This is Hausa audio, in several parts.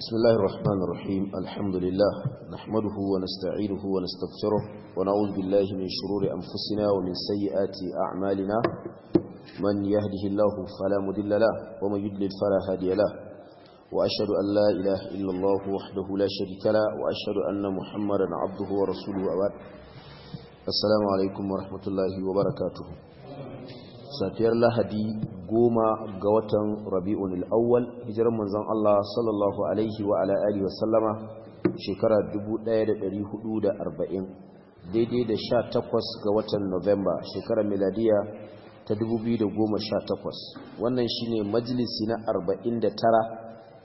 بسم الله الرحمن الرحيم الحمد لله نحمده ونستعينه ونستغفره ونعوذ بالله من شرور أنفسنا ومن سيئات أعمالنا من يهده الله فلا مدل له ومن يدلل فلا هادي له وأشهد أن لا إله إلا الله وحده لا شريك له وأشهد أن محمدا عبده ورسوله أباد السلام عليكم ورحمة الله وبركاته ساتير الله هدي goma ga watan rabi'un al'awwal hijirar manzon Allah sallallahu alaihi wa ala alihi wa sallama shekara 1440 daidai da sha 18 ga watan November shekara miladiya ta 2018 wannan shine majalisi na 49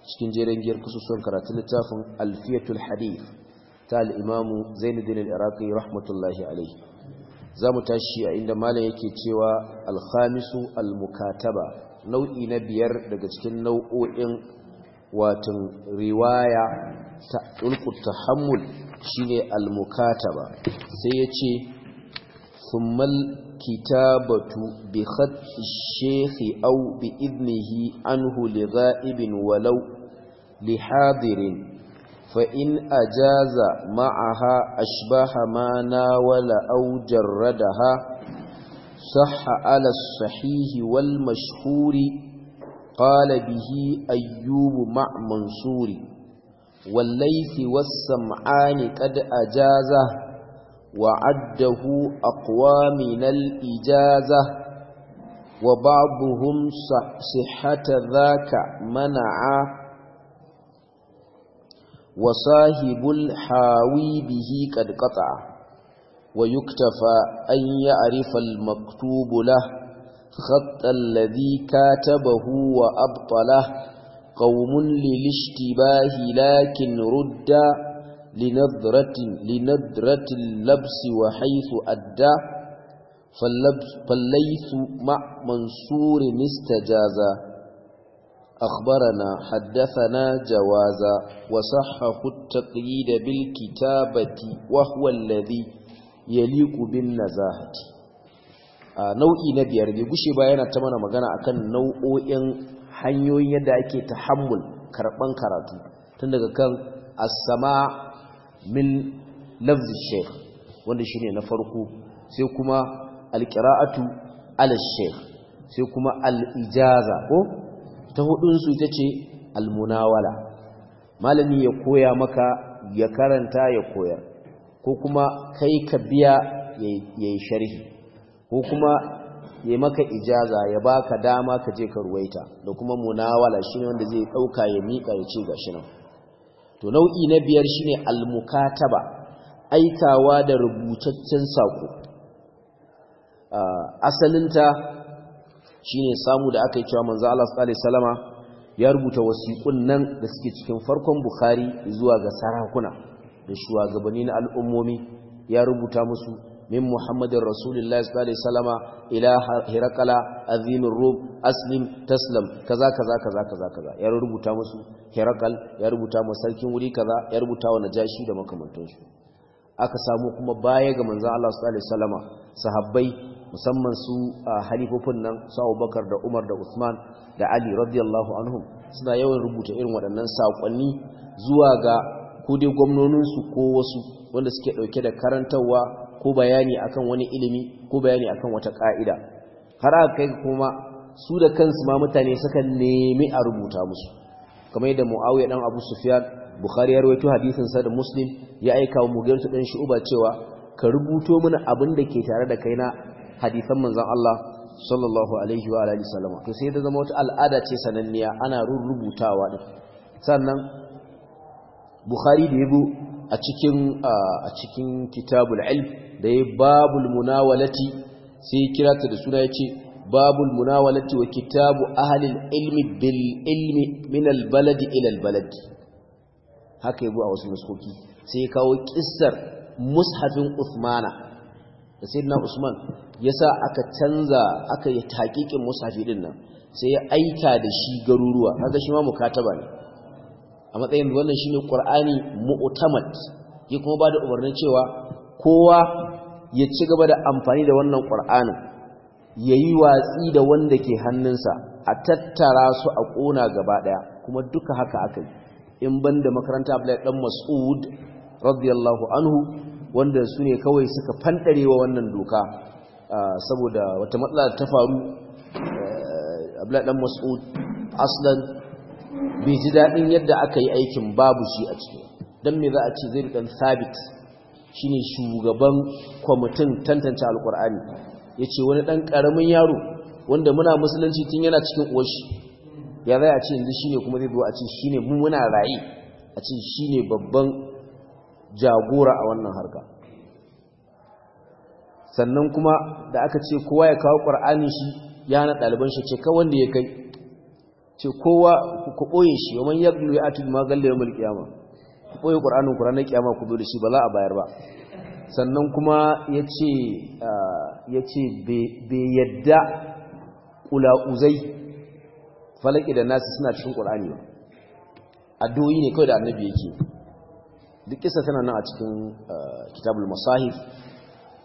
cikin jerin giyar kusursun karatun littafin alfiyatul hadith ta al'imamu imamu Zainuddin al-Iraqi rahmatullahi alaihi za mu tashi a inda malam yake cewa alhamisu almukataba nau'i na biyar daga cikin nau'o'in watan riwaya ta ulkut tahammul shine almukataba sai ya ce summal kitabatu bi khatti shekhi au bi idnihi anhu li ghaibin walau li hadirin fa in ajaza ma'aha ashbaha ma nawala aw jarradaha sahha ala sahihi wal mashhuri qala bihi ayyubu ma mansuri wal laythi was sam'ani qad ajaza وعده أقوى Wa الإجازة وبعضهم صحة ذاك منعا وصاحب الحاوي به قد قطع ويكتفى أن يعرف المكتوب له خط الذي كاتبه وأبطله قوم للاشتباه لكن رد لنظرة, لنظرة اللبس وحيث أدى فالليث مع منصور استجازا Akbara na haddasa أخبرنا حدثنا جوازا da bilkita bati, وهو الذي يليق بالنزاهة nau'i na biyar bai gushe ba yana ta mana magana akan nau'o'in hanyoyin yadda ake tahammul karɓan karatu ta daga kan as-sama min lafz shaykh wanda shine na farko sai kuma al-qira'atu ala sai kuma al-ijaza ko ta hudunsu ita ce almunawala malami ya koya maka ya karanta ya koyar ko kuma kai ka biya ya yi sharhi ko kuma ya maka ijaza ya baka dama ka je ka ruwaita da kuma munawala shine wanda zai ɗauka ya mika ya ce ga shi nan to nau'i na biyar shi shine almukataba aikawa da rubutaccen saƙo, ah, asalinta shine samu da aka yi cewa manzo Allah sallallahu alaihi wasallama ya rubuta wasiƙun nan da suke cikin farkon Bukhari zuwa ga sarakuna da shugabanni na al'ummomi ya rubuta musu min Muhammadin Rasulullahi sallallahu alaihi wasallama ila Hiraqala azimur Rum aslim taslam kaza kaza kaza kaza kaza ya rubuta musu Hiraqal ya rubuta musu sarkin wuri kaza ya rubuta wa Najashi da makamantansu aka samu kuma baya ga manzo Allah sallallahu alaihi wasallama sahabbai musamman su a halifofin nan su bakar da umar da usman da ali radiyallahu anhu suna yawan rubuta irin waɗannan saƙonni zuwa ga kudai gwamnoninsu ko wasu wanda suke ɗauke da karantarwa ko bayani akan wani ilimi ko bayani akan wata ƙa'ida har aka kai kuma su da kansu ma mutane suka nemi a rubuta musu kamar yadda muawiya ɗan abu sufyan bukhari ya rawaito hadisin sa da muslim ya aika wa su dan shi'uba cewa ka rubuto mana abin da ke tare da kai na. hadisan manzon Allah sallallahu alaihi wa alihi sallama to sai da zama wata al'ada ce sananniya ana rubutawa din sannan Bukhari da yabo a cikin a cikin kitabul ilm da ya babul munawalati sai kira ta da suna yace babul munawalati wa kitabu ahli ilmi bil ilmi min al balad ila al balad haka yabo a wasu nuskoki sai ya kawo kissar mushafin Uthmana da na Usman ya sa aka canza aka yi taƙiƙin musafi nan sai ya aika da shi garuruwa kaga shi ma mukataba ne a matsayin wannan shi ne ƙwar'ani mu'utamat, ya kuma ba da umarnin cewa kowa ya ci gaba da amfani da wannan ya yi watsi da wanda ke hannunsa a tattara su a ƙona gaba ɗaya kuma duka haka aka yi in ban da makaranta Abdullahi dan Mas'ud radiyallahu anhu wanda su ne kawai suka fanɗarewa wannan doka saboda wata matsala ta faru abladan mas'ud aslan bai ji daɗin yadda aka yi aikin babu shi a ciki don me za a ce zai ɗan sabit shi ne shugaban kwamitin tantance alkur'ani ya ce wani ɗan ƙaramin yaro wanda muna musulunci tun yana cikin oshi ya zai a ce yanzu shi ne kuma zai zo a ce shi ne muna raye a ce shi ne babban jagora a wannan harka sannan kuma da aka ce kowa ya kawo ƙwar'ani shi ya na ɗaliban shi ce kawai da ya kai ce kowa ku ɓoye shi ya gulu ya ma galle ya mulki yama ku ɓoye ƙwar'anin ƙwar'anin ranar ku zo da shi ba za a bayar ba sannan kuma ya ce ya ce bai yadda ƙula'uzai falaƙi da nasi suna cikin ƙwar'ani ba addu'o'i ne kawai da annabi yake duk kisa tana nan a cikin eh, kitabul masahif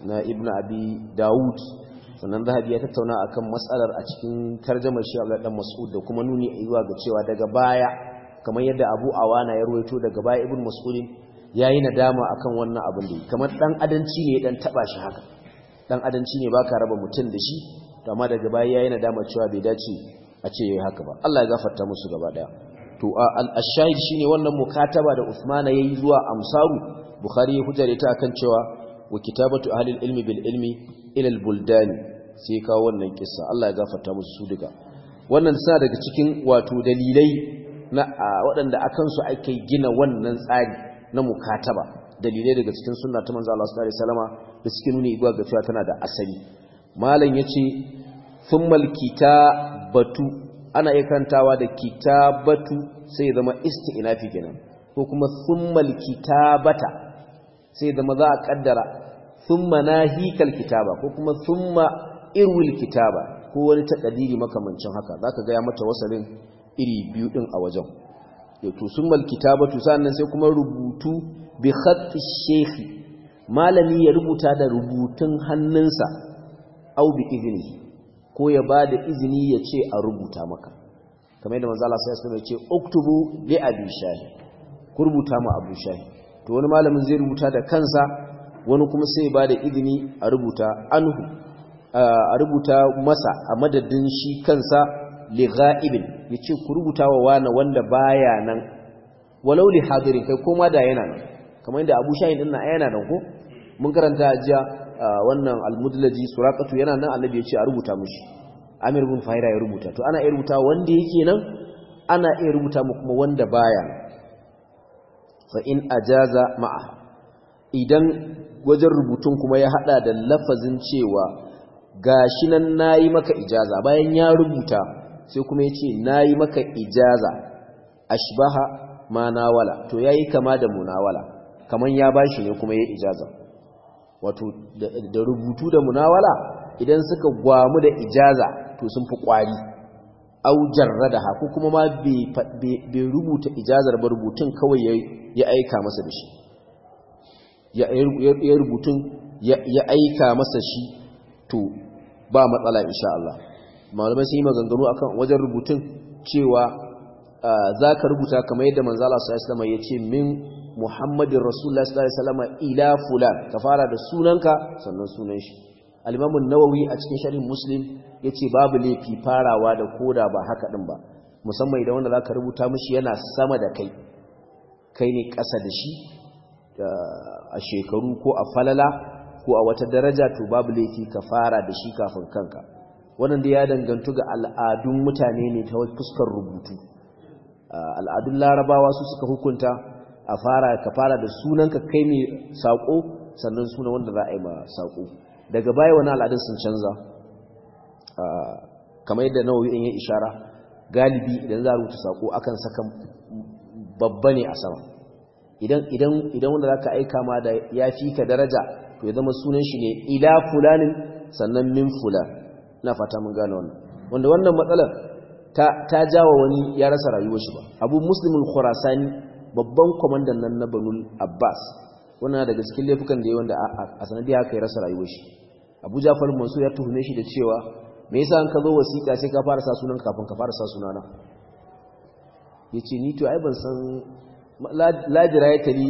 na ibn abi dawud sannan zahabi ya tattauna akan matsalar a cikin tarjamar shi Abdullah dan Mas'ud da kuma nuni yiwa ga cewa daga baya kamar yadda Abu Awana ya ruwaito daga baya Ibn Mas'ud yayi nadama akan wannan abin da kamar dan adanci ne dan taba shi haka dan adanci ne baka raba mutum da shi to amma daga baya yayi nadama cewa bai dace a ce yayi haka ba Allah ya gafarta musu gaba daya to al-shahid shine wannan mukataba da Uthman yayi zuwa amsaru bukhari ya hujjare ta akan cewa wa kitabatu ahli al-ilmi bil ilmi ila al-buldan sai kawo wannan kissa Allah ya gafarta musu su duka wannan sa daga cikin wato dalilai na waɗanda akan su ake gina wannan tsari na mukataba dalilai daga cikin sunna ta manzo Allah sallallahu alaihi wasallama da suke nuna igwa ga cewa tana da asali malam yace thumma al-kitabatu ana iya kantawa da kitabatu sai ya zama fi kenan ko kuma thummal kitabata sai ya zama za a kaddara thumma nahikal kitaba ko kuma thumma irwil kitaba ko wani takadiri makamancin haka zaka ga ya mata wasalin iri biyu ɗin a wajen to thummal kitabatu sannan sai kuma rubutu bi khatti shehi malami ya rubuta da rubutun hannunsa au bi ko ya ba da izini ya ce a rubuta maka kamar yadda manzo sai su ya ce oktubu bi abi shahi ku rubuta mu abu shahi to wani malamin zai rubuta da kansa wani kuma sai ya ba da izini a rubuta anhu a rubuta masa a madadin shi kansa li ghaibin yace ku rubuta wa wani wanda baya nan walau li hadirin kai koma da yana nan kamar yadda abu shahi din nan yana nan ko mun karanta jiya wannan almudlaji suraqatu yana nan annabi ya ce a rubuta mushi amir bin fahira ya rubuta to ana iya rubuta wanda yake nan ana iya rubuta mu kuma wanda baya fa in ajaza ma'a idan wajen rubutun kuma ya hada da lafazin cewa gashi nan nayi maka ijaza bayan ya rubuta sai kuma ya yace nayi maka ijaza ashbaha ma nawala to yayi kama da munawala kaman ya bashi ne kuma yayi ijaza wato da rubutu da munawala idan suka gwamu da ijaza to sun fi kwari au da ko kuma ma bai rubuta ijazar ba rubutun kawai ya aika masa da shi ya rubutun ya aika masa shi to ba matsala insha Allah malamai sun yi maganganu akan wajen rubutun cewa ah, za ka rubuta kamar yadda manzala su ya ce min muhammadin rasulullah sallallahu alaihi wasallam ila fulan ka fara da sunanka sannan sunan shi al-imam nawawi a cikin sharhin muslim yace babu laifi farawa da koda ba haka din ba musamman idan wanda zaka rubuta mishi yana sama da kai kai ne ƙasa da shi a shekaru ko a falala ko a wata daraja to babu laifi ka fara da shi kafin kanka wannan da ya dangantu ga al'adun mutane ne ta fuskar rubutu al'adun larabawa su suka hukunta a fara ka fara da sunanka kai mai sako sannan sunan wanda za a yi ma sako daga baya wani al'adun sun canza kamar yadda nawa yi yin ishara galibi idan za a rubuta sako akan saka babba ne a sama idan idan idan wanda aika ma da ya fi ka daraja to ya zama sunan shi ne ila fulanin sannan min fulan ina fata mun gane wannan wanda wannan matsalar ta ta wa wani ya rasa rayuwar shi ba abu muslimul khurasani babban kwamandan nan na banul abbas na daga cikin laifukan da ya wanda a sanadiyar aka yi rasa rayuwar shi abu jafar mansur ya tuhume shi da cewa me yasa an ka zo wasiƙa sai ka fara sa sunan kafin ka fara sa sunana ya ce ni to ai ban san lajira ya tari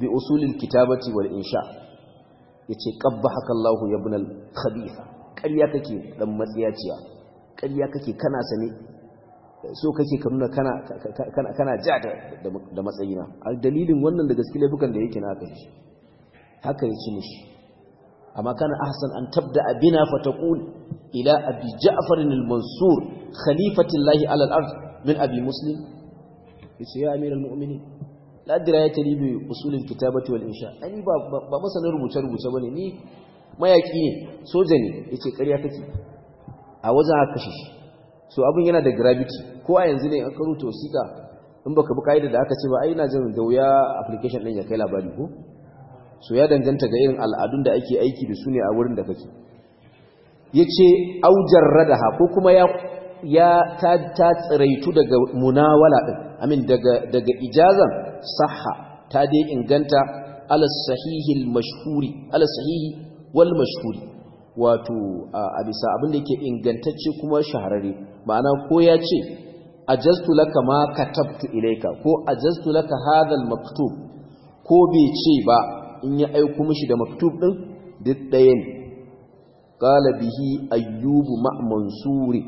bi usulin kitabati wal insha ya ce ƙabba haka Allah ya bunal khabifa ƙarya kake dan matsiyaciya ƙarya kake kana sane so kake ka nuna kana kana ja da matsayina al dalilin wannan da gaske laifukan da yake na aka shi haka ci mishi amma kana ahsan an tabda bina fa taqul ila abi ja'far al mansur khalifati llahi ala al ard min abi muslim yace ya amir al mu'minin la adra ya tali bi usul al kitabati wal insha ani ba ba masanin rubuce rubuce bane ni mayaki ne soja ne yace ƙarya kake a wajen aka kashe shi so abin yana da gravity ko a yanzu ne an karo to in baka bi kaida da aka ce ba ai ina jin da wuya application din ya kai labari ko so ya danganta ga irin al'adun da ake aiki da su ne a wurin da kake yace aujar radaha ko kuma ya ta tsiraitu daga munawala din amin daga ijazan saha, ta dai inganta ala sahihi wal mashhuri wato a bisa abin da yake ingantacce kuma shahararre ma'ana ko ya ce ajastu laka ma katabtu ilaika ko ajastu laka hadal maktub ko bai ce ba in ya aiko mishi da maktub din duk ɗaya ne qala bihi ayyubu ma mansuri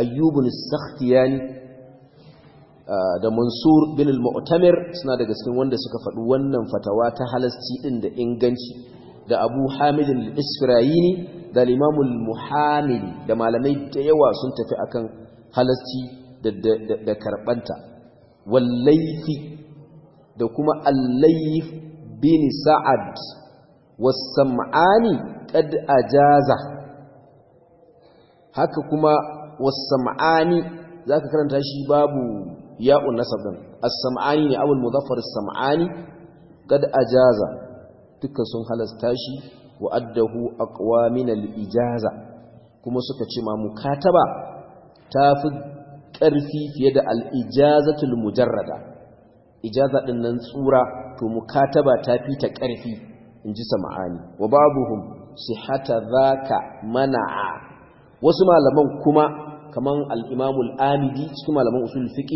ayyubu sakhtiyani da mansur bin al-mu'tamir suna daga cikin wanda suka faɗi wannan fatawa ta halasci din da inganci da abu hamid al da Limamul imam da malamai da yawa sun tafi akan halasci da karɓanta wallaifi da kuma allaif bin sa'ad wasam'ani kad ajaza haka kuma wasam'ani zaka karanta shi babu ya'un nasab as-sam'ani ne abul muzaffar as-sam'ani kad ajaza dukkan sun halasta shi wa addahu aqwa min al-ijaza kuma suka ce ma mukataba ta fi ƙarfi fiye da al'ijazatul mujarrada ijaza ɗin nan tsura to mukataba ta fi ta ƙarfi in ji sama'ani wa hata za ka mana'a wasu malaman kuma kamar al'imamul'amidi, amidi cikin malaman usul fiqh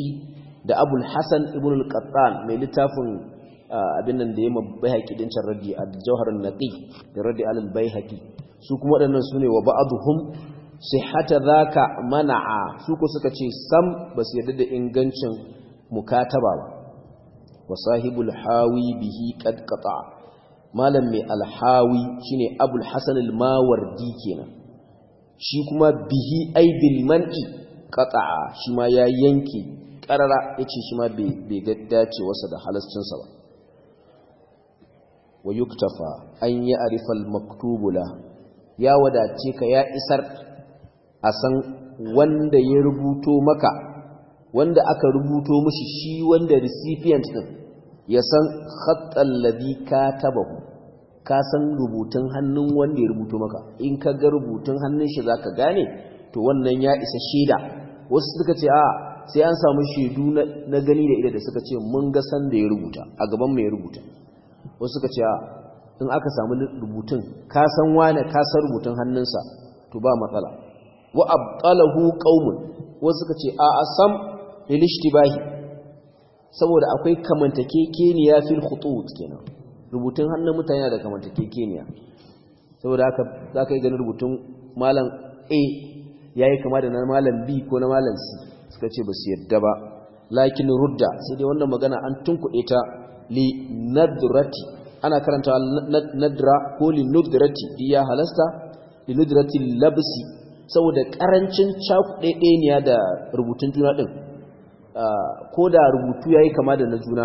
da Abul Hassan ibn al-Qattan mai littafin abin nan da yamma ma din can raddi al-Jawhar an-Naqi da raddi al-Baihaqi su kuma waɗannan sune wa ba'dhum hata za ka mana su ku suka ce sam ba su yarda da ingancin mukataba ba wa sahibul hawi bihi kadkata malam mai alhawi shine abul hassan kenan shi kuma bihi aibin man'i qata shi ma ya yanke karara ce shi ma bai ga wasa da halascinsa ba wa yuktafa an yi arifal maktubula ya wadace ka ya isar a san wanda ya rubuto maka wanda aka rubuto mushi shi wanda recipient din ya san khattal ladhi katabahu ka san rubutun hannun wanda ya rubuto maka in ka ga rubutun hannun shi zaka gane to wannan ya isa shaida wasu suka ce a sai an samu shaidu na gani da ido da suka ce mun ga san da ya rubuta a gaban mai rubuta wasu suka ce a in aka samu rubutun ka san wane ka san rubutun hannunsa to ba matsala wa abqalahu qaumun wasu suka ce a asam lil ishtibahi saboda akwai kamantakekeniya fil khutut kenan rubutun hannun mutane da kamantakekeniya saboda haka zaka yi ganin rubutun malam A yayi kama da na malam B ko na malam C suka ce ba su yadda ba lakin rudda sai dai wannan magana an tunkuɗe ta li nadrati ana karanta nadra ko li nadrati iya halasta li nadrati labsi saboda karancin cakuɗeɗeniya da rubutun juna ɗin ko da rubutu ya yi kama da na juna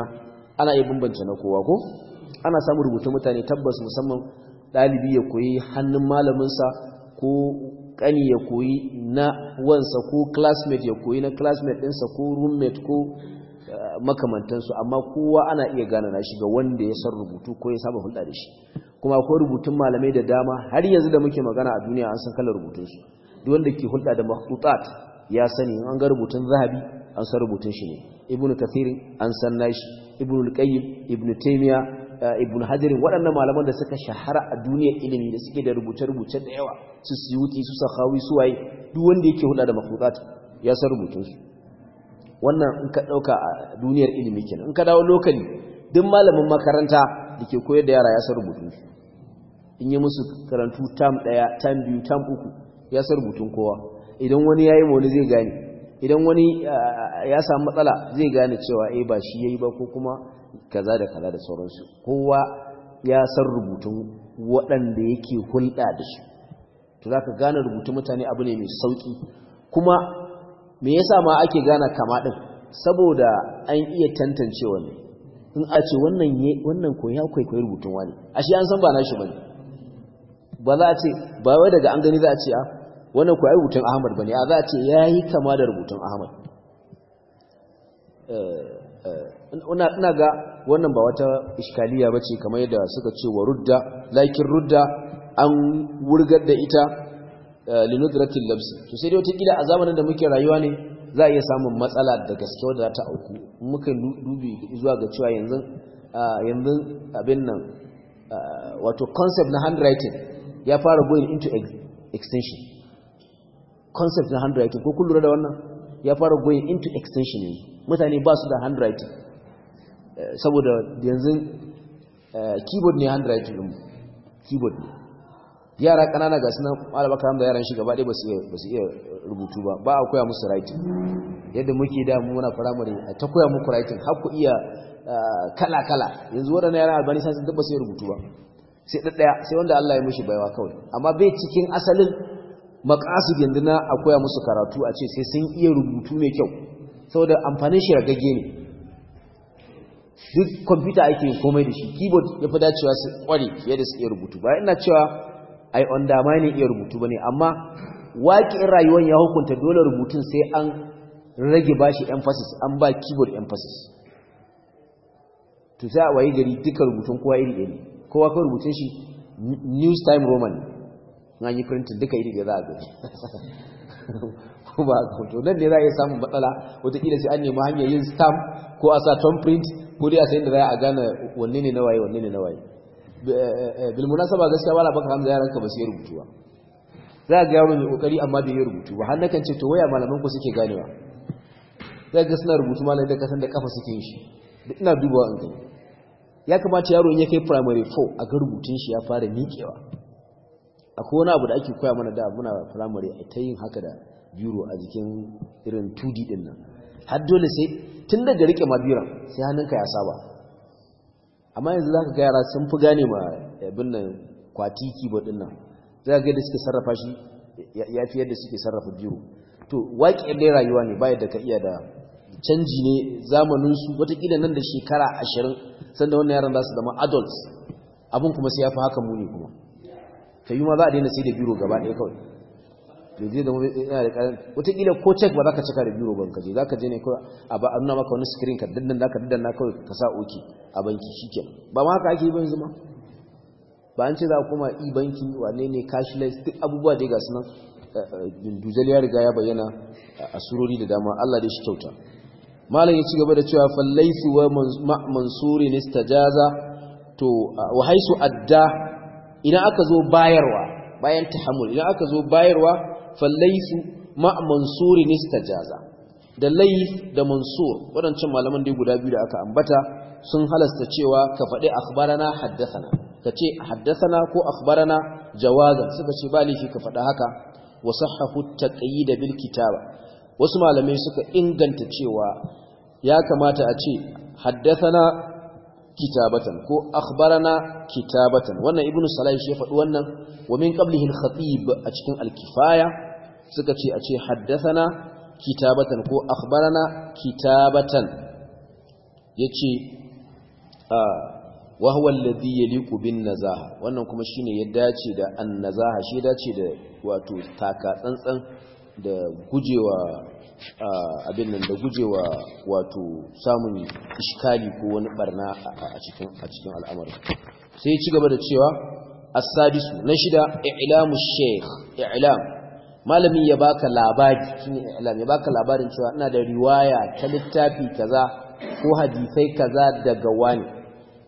ana iya bambance na kowa ko ana samun rubutun mutane tabbas musamman ɗalibi ya koyi hannun malaminsa ko ƙani ya koyi na wansa ko classmate ya koyi na classmate ɗinsa ko roommate ko makamantansu amma kowa ana iya gane na shiga wanda ya san rubutu ko ya saba hulɗa da shi kuma akwai rubutun malamai da dama har yanzu da muke magana a duniya an san kalar rubutunsu duk wanda ke hulɗa da makhlutat ya sani an ga rubutun zahabi an san rubutun shi ne ibn kathir an san nashi ibn al-qayyim ibn taymiya eh, ibn hajar waɗannan malaman da suka shahara a duniya ilimi da suke da rubuce-rubuce da yawa su suyuti su sahawi su waye duk wanda yake hulɗa da makhlutat ya san rubutun shi wannan in ka ɗauka a duniyar ilimi kenan in ka dawo lokali duk malamin makaranta da ke koyar da yara ya san rubutun shi in yi musu karantu tam ɗaya tam biyu tam uku ya san rubutun kowa idan wani ya yi wani zai gane idan wani ya samu matsala zai gane cewa eh ba shi ya yi ba ko kuma kaza da kaza da sauransu kowa ya san rubutun waɗanda yake hulɗa da su to za ka gane rubutun mutane abu ne mai sauƙi kuma me yasa ma ake gane kama ɗin saboda an iya tantancewa ne in a ce wannan koya kwaikwayi rubutun wani ashe an san ba na shi ne ba za a ce ba wai daga an gani za a ce a ah, wannan kuwa rubutun ahmad bane a za a ce ya yi kama da rubutun ahmad eh, eh, ina ga wannan ba wata iskaliya ba ce kamar yadda suka ce wa rudda lakin rudda an wurgar da ita eh, linudratin labsi to sai dai kila a zamanin da muke rayuwa ne za a iya samun matsala da gaske wadda ta auku muka dubi zuwa ga cewa yanzu ah, yanzu abin nan ah, wato concept na handwriting ya fara going into extension concept na handwriting ko kullu da wannan ya fara going into extension ne mutane ba su da handwriting eh, saboda yanzu eh, keyboard ne handwriting din keyboard ne yara kanana ga sunan malaba kan da yaran shi gaba dai ba su iya rubutu ba ba a koya musu writing yadda muke da muna primary a ta koya muku writing har ku iya eh, kala-kala yanzu waɗannan yaran albani sun su iya rubutu ba sai ɗaɗɗaya sai wanda Allah ya mishi baiwa kawai amma bai cikin asalin maqasid yanzu na akwai musu karatu a ce sai sun iya rubutu mai kyau saboda amfanin shi ragage ne duk kwamfuta ake komai da shi keyboard ya fi dacewa su kware fiye da su iya rubutu ba ina cewa ai ne iya rubutu ba ne, amma waƙin rayuwar ya hukunta dole rubutun sai an rage bashi emphasis an ba keyboard emphasis to sai a waye gari duka rubutun kowa iri ne kowa kawai rubutun shi news time roman na yi printin duka iri da za a gani ba a hoto nan ne za a iya samun matsala watakila sai an nemi hanyar yin stamp ko a sa tom print ko dai a sayin da za a gane wanne ne nawaye wanne ne nawaye eh, eh, eh, saba gaskiya wala baka hamza yaran ka ba su yi rubutu ba za ga yaro mai kokari amma bai yi rubutu ba har nakan ce to waya malaman ku suke ganewa za ga suna rubutu malamai da kasan da kafa suke yin shi da ina dubawa in gani ya kamata yaro in ya kai primary 4 a ga rubutun shi ya fara miƙewa akwai wani abu da ake koya mana da muna firamare a ta yin haka da biro a jikin irin 2d din nan har dole sai tun daga rike mabira sai hannunka ya saba amma yanzu za ka ga yara sun fi gane ma abin nan kwati keyboard din nan za ka ga yadda suke sarrafa shi ya fi yadda suke sarrafa biro to waƙiyar ɗaya rayuwa ne ba yadda ka iya da canji ne zamaninsu watakila nan da shekara ashirin sanda wannan yaran za su zama adults abin kuma sai ya fi haka muni kuma ta yi ma za a daina sai da biro gaba ɗaya kawai da zai zama yana da ƙarar wataƙila ko cek ba za ka cika da biro ban je za ka je ne kawai a ba a nuna maka wani screen ka dandan za ka dandan kawai ka sa oke a banki ke ba ma haka ake yi ban zuma? ba an ce za a koma e banki wane ne cashless duk abubuwa dai ga sunan eh, eh, dujal ya riga ya bayyana a surori da dama Allah dai shi kyauta malam ya ci gaba da cewa fallaisu wa mansurin jaza. to wa haisu adda idan aka zo bayarwa bayan tahammul idan aka zo bayarwa fallaisu ma mansurin jaza, da laif da mansur waɗancan malaman dai guda biyu da aka ambata sun halasta cewa ka faɗi akhbarana haddathana ka ce haddathana ko akhbarana jawazan suka ce ba laifi ka faɗa haka wa da taqyid bil kitaba wasu malamai suka inganta cewa ya kamata a ce haddathana kitabatan ko akhbarana kitabatan wannan ibnu salih shi ya faɗi wannan wa min qablihi al-khatib a cikin al-kifaya suka ce a ce haddathana kitabatan ko akhbarana kitabatan yace ah, wa huwa alladhi yaliqu bin nazaha wannan kuma shine ya dace da an-nazaha shi dace da wato taka tsantsan da gujewa abin nan da gujewa wato samun iskali ko wani barna a cikin a cikin al'amari sai ya ci gaba da cewa as na shida i'lamu shaykh i'lam malami ya baka labari shine i'lam ya baka labarin cewa ina da riwaya ta littafi kaza ko hadisai kaza daga wani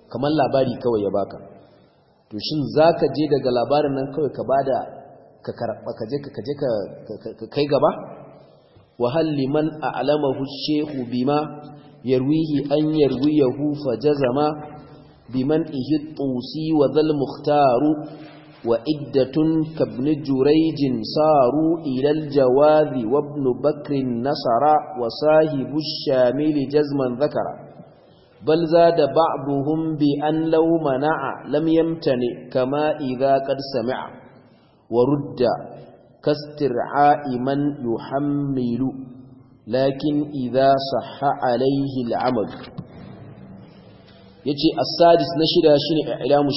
kamar labari kawai ya baka to shin zaka je daga labarin nan kawai ka bada ka ka je ka je ka kai gaba wa hal alama a'lamahu shehu bima yarwihi an yarwiyahu fa jazama biman ihittusi wa zal mukhtaru wa iddatun kabni jurayjin saru ila jawazi wa ibn bakrin nasara wa sahibu Shamili, jazman dhakara بل زاد بعضهم بأن لو منع لم ne kama إذا قد sami'a. Warudda rudda kastir'a'i man yuhammilu lakin idza alaihi alayhi al'amal yace as-sadis na shida shine i'lamu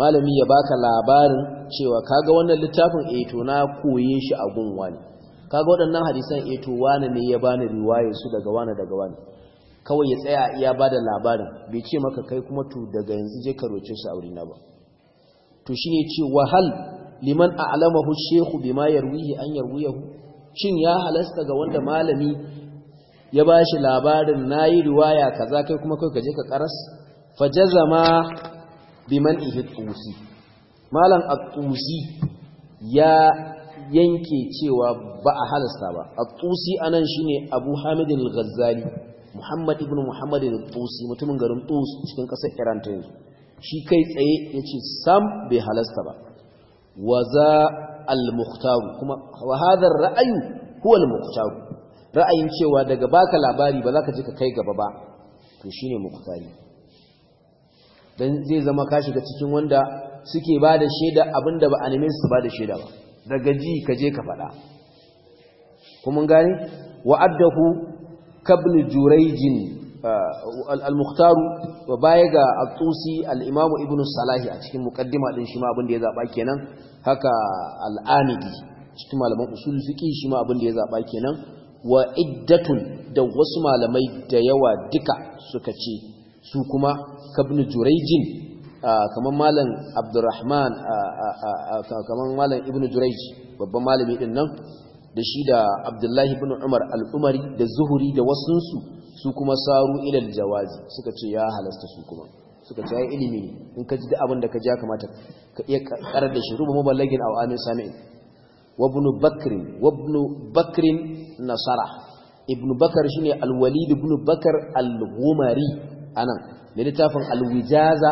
malami ya baka labarin cewa kaga wannan littafin eto na koye shi a gunwa ne kaga waɗannan hadisan eh wani ne ya bani riwayar su daga wani daga wani kawai ya tsaya iya bada labarin bai ce maka kai kuma to daga yanzu je ka roce su wurina na ba to shine ce wahal liman a'lamahu shehu bima yarwihi an yarwiyahu shin ya halasta ga wanda malami ya bashi labarin nayi riwaya kaza kai kuma kai kaje ka karas fajazama biman ihtusi malam at-tusi ya yanke cewa ba a halasta ba at-tusi anan shine abu hamid al-ghazali muhammad ibn muhammad al-tusi mutumin garin tus cikin kasar iran ta yanzu shi kai tsaye yace sam bai halasta ba wa za kuma wa ra'ayi ar-ra'yu ra'ayin cewa daga baka labari ba za ka je ka kai gaba ba to shine muktari. dan zai zama ka shiga cikin wanda suke ba da shaida abinda ba a su ba da shaida ba daga ji ka je ka faɗa kuma gane wa'addahu kablu jurayjin al-mukhtaru wa baya ga at-tusi al-imamu ibn salahi a cikin muqaddima ɗin shi ma abin da ya zaɓa kenan haka al'amidi, cikin malaman usul fiqi shi ma abin da ya zaɓa kenan wa iddatun da wasu malamai da yawa duka suka ce su kuma kabn jurayjin kamar malam abdurrahman kamar malam ibn jurayj babban malami din nan da shi da abdullahi ibn umar al-umari da zuhuri da wasunsu su kuma saru ilal jawazi suka ce ya halasta su kuma suka ce ya ilimi ne in ka ji da abin da ka ji ya kamata ka iya kar da shi rubu muballagin aw amin sami'in wa ibn nasara ibn shine al-walid ibn al-humari anan ne littafin alwijaza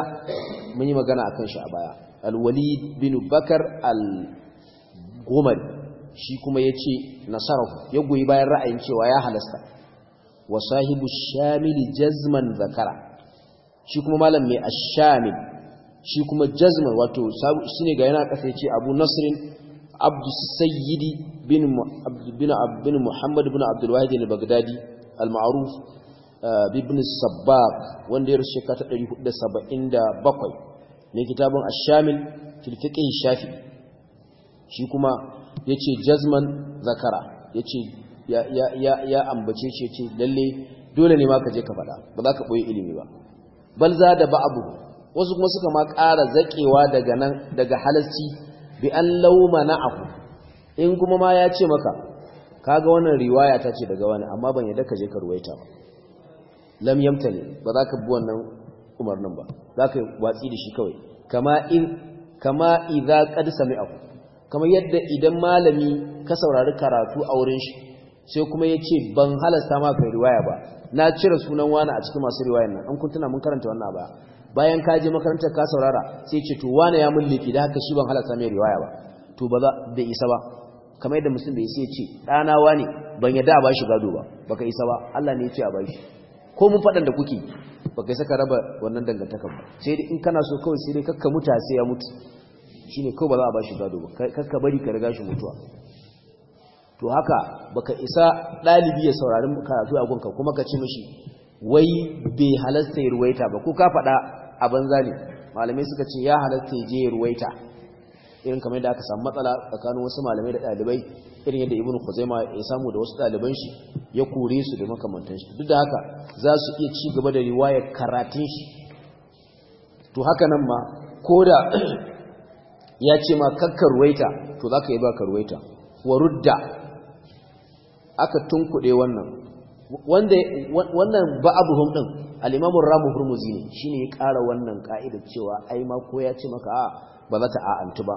mun yi magana akan shi a baya Alwali walid ibn al shi kuma yace nasarahu ya goyi bayan ra'ayin cewa ya halasta wa sahibu shamili jazman zakara shi kuma malam mai ashamil shi kuma jazman wato shi ne ga yana kasa ya ce abu nasirin abdu sayyidi bin muhammad bin abdulwahid al-baghdadi al-ma'aruf eh, bin sabbab wanda ya rushe ka ta 477 ne kitabun ashamil filfiƙin shafi shi kuma ya ce jazman zakara ya ce ya ambace shi ce lalle dole ne ma ka je ka fada ba za ka ɓoye ilimi ba bal za da ba'abu wasu kuma suka ma ƙara zaƙewa daga nan daga halarci bi an lauma na aku in kuma ma ya ce maka kaga wannan riwaya ta ce daga wani amma ban yadda ka je ka ruwaita ba lam yamtani ba za ka bi wannan umarnin ba za ka watsi da shi kawai kama in kama idza qad sami'a kamar yadda idan malami ka saurari karatu a wurin shi sai kuma ya ce ban halasta ma kai riwaya ba na cire sunan wani a cikin masu riwayan nan an kun tuna mun karanta wannan ba bayan ka je makarantar ka saurara sai ce to wani ya mulki da haka shi ban halasta mai riwaya ba to ba za bai isa ba kamar yadda musulmi bai sai ce dana wani ban yadda ba bashi gado ba baka isa ba Allah ne ya ce a bashi ko mun fadan da kuke baka saka raba wannan dangantakar ba sai dai in kana so kawai sai dai kakka muta sai ya mutu shine kawai ba za a bashi gado ba kakka bari ka riga shi mutuwa to haka baka isa dalibi ya saurari karatu a gunka kuma ka ci mishi wai bai halasta ya ruwaita ba ko ka faɗa a banza ne malamai suka ce ya halasta ya je ya ruwaita irin kamar yadda aka samu matsala tsakanin wasu malamai da ɗalibai irin yadda ibnu khuzaima ya samu da wasu ɗaliban shi ya kore su da makamantan shi duk da haka za su iya ci gaba da riwayar karatun shi to haka nan ma ko da ya ce ma kakkar ruwaita to za ka yi ba ka ruwaita "Warudda." aka tunkuɗe wannan wanda wannan ba'abuhum din al-imam ramu hurmuzi ne shine ya ƙara wannan ka'ida cewa ai ma ko ya ce maka a ba za ta a'antu ba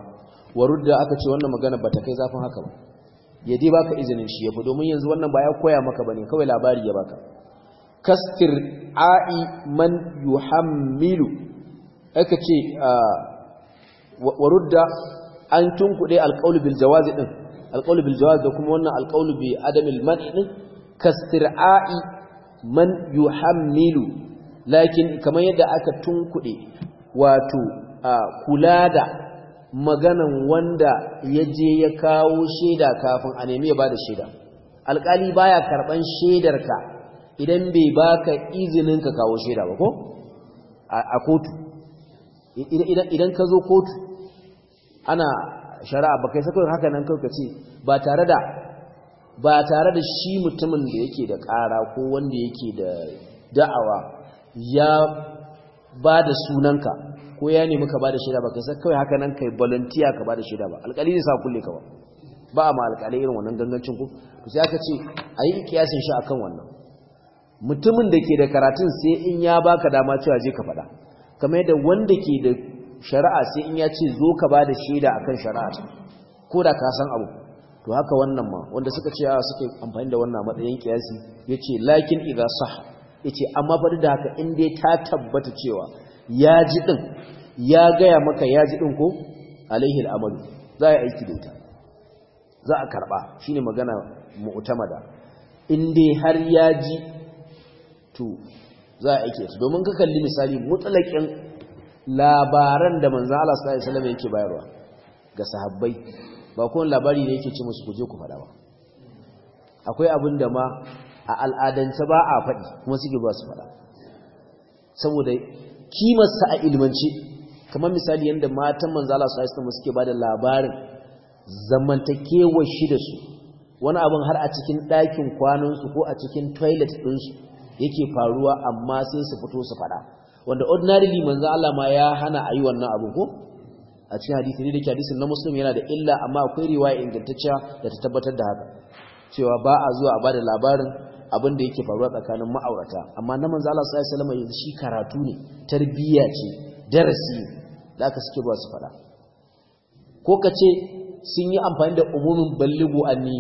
warudda aka ce wannan magana ba ta kai zafin haka ba ya dai baka izinin shi ya yafi domin yanzu wannan ba ya koya maka bane kawai labari ya baka kastir a'i man yuhammilu aka ce warudda an tunkuɗe alƙaulu bil jawazi din alqawl bil jawaz da kuma wannan alqawl bi adam al man' man yuhammilu lakin kamar yadda aka tunkuɗe wato kula da maganan wanda ya je ya kawo shaida kafin a nemi ya bada shaida alƙali baya karɓan shaidarka idan bai baka izinin ka kawo shaida ba ko a kotu idan ka zo kotu ana shari'a ba kai sakon haka nan kawai ce ba tare da ba tare da shi mutumin da yake da ƙara ko wanda yake da da'awa ya ba da sunanka ko ya nemi ka ba da shaida ba kai sakon kawai haka nan kai volunteer ka ba da shaida ba alƙali ne sa kulle ka ba ba ma alƙalai irin wannan gangancin ku to sai aka ce a yi kiyasin shi akan wannan mutumin da ke da karatun sai in ya baka dama cewa je ka faɗa kamar yadda wanda ke da shari'a sai in ya ce zo ka ba da shaida kan shari'a ko da ka san abu to haka wannan ma wanda suka ce a ah, suke amfani da wannan matsayin kiyasi ce lakin sa ya ce amma fa da haka in dai ta tabbata cewa ya ji ɗin, ya gaya maka ya ji ɗin ko alaihi al'amalu za a yi aiki da ita za a karba shine magana mu'tamada in dai har ya ji to za a aiki domin ka kalli misali mutalakin labaran da manzan Allah sallallahu alaihi wasallam yake bayarwa ga sahabbai ba kuma labari ne yake ce musu kuje ku faɗa ba akwai abin da ma a al'adance ba a faɗi kuma suke ba su faɗa saboda kimarsa a ilmance kamar misali yadda matan manzan Allah sallallahu alaihi wasallam suke bada labarin zamantakewar shi da su wani abin har a cikin ɗakin kwanansu ko a cikin toilet ɗinsu yake faruwa amma sai su fito su faɗa wanda ordinarily manzo Allah ma ya hana ayi wannan abu ko a cikin hadisi ne da hadisin na muslim yana da illa amma akwai riwaya ingantacciya da ta tabbatar da haka cewa ba a zuwa a bada labarin abin da yake faruwa tsakanin ma'aurata amma na manzo Allah sallallahu alaihi wasallam yanzu shi karatu ne tarbiyya ce darasi da aka suke ruwa su fada ko ka ce sun yi amfani da umumin balligu anni